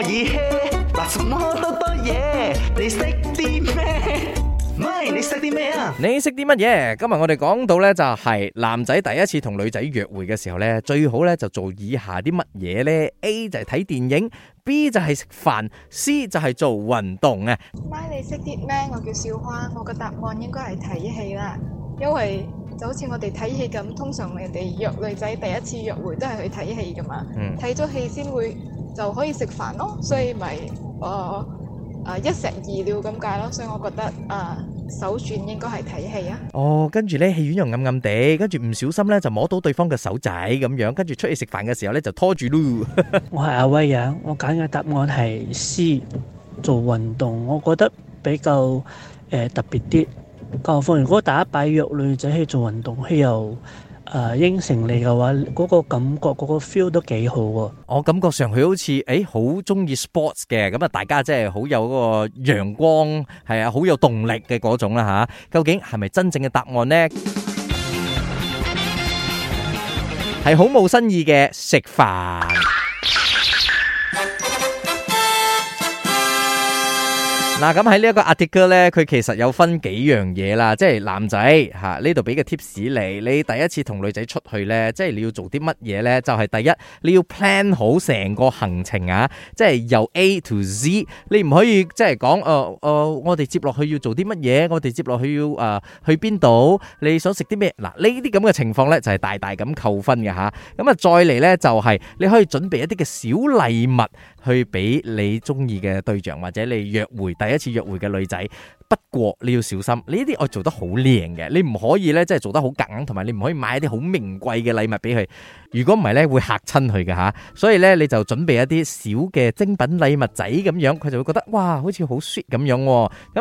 乜嘢？嗱，什麼都多嘢，你識啲咩？咪你識啲咩啊？你識啲乜嘢？今日我哋講到咧就係男仔第一次同女仔約會嘅時候咧，最好咧就做以下啲乜嘢咧？A 就係睇電影，B 就係食飯，C 就係做運動啊！咪你識啲咩？我叫小花，我嘅答案應該係睇戲啦，因為就好似我哋睇戲咁，通常人哋約女仔第一次約會都係去睇戲噶嘛，睇咗戲先會，就可以食飯咯，所以咪，誒，誒，一石二鳥咁解咯，所以我覺得，誒，首選應該係睇戲啊。哦，跟住咧，戲院又暗暗地，跟住唔小心咧就摸到對方嘅手仔咁樣，跟住出去食飯嘅時候咧就拖住咯。我係阿威啊，我揀嘅答案係 C，做運動，我覺得比較誒特別啲。更何況如果打一擺約女仔去做運動，佢又。誒應承你嘅話，嗰、那個感覺、嗰、那個 feel 都幾好喎。我感覺上佢好似誒好鍾意 sports 嘅，咁、欸、啊大家即係好有嗰個陽光，係啊好有動力嘅嗰種啦嚇。究竟係咪真正嘅答案呢？係好冇新意嘅食飯。嗱，咁喺呢一個 article 咧，佢其實有分幾樣嘢啦，即係男仔吓，呢度俾個 tips 你，你第一次同女仔出去咧，即係你要做啲乜嘢咧？就係、是、第一，你要 plan 好成個行程啊，即係由 A 到 Z，你唔可以即係講哦哦，我哋接落去要做啲乜嘢？我哋接落去要誒、呃、去邊度？你想食啲咩？嗱、啊，這這呢啲咁嘅情況咧就係、是、大大咁扣分嘅吓。咁啊，再嚟咧就係、是、你可以準備一啲嘅小禮物去俾你中意嘅對象或者你約會第。第一次約會嘅女仔，不過你要小心，呢啲我做得好靚嘅，你唔可以呢，即係做得好硬，同埋你唔可以買一啲好名貴嘅禮物俾佢，如果唔係呢，會吓親佢㗎吓，所以呢，你就準備一啲小嘅精品禮物仔咁樣，佢就會覺得哇，好似好 sweet 咁樣，咁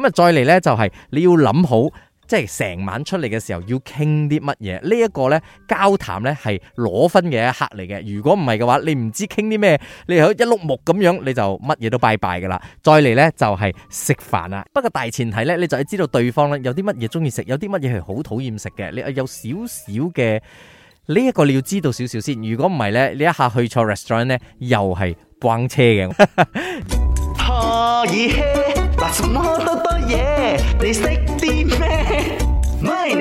啊再嚟呢，就是，就係你要諗好。即係成晚出嚟嘅時候要傾啲乜嘢？呢一個呢，交談呢係攞分嘅一刻嚟嘅。如果唔係嘅話，你唔知傾啲咩，你去一碌木咁樣，你就乜嘢都拜拜噶啦。再嚟呢，就係食飯啦。不過大前提呢，你就要知道對方呢有啲乜嘢中意食，有啲乜嘢係好討厭食嘅。你有少少嘅呢一個你要知道少少先。如果唔係呢，你一下去錯 restaurant 呢，又係關車嘅。可以咩？話什麼嘢？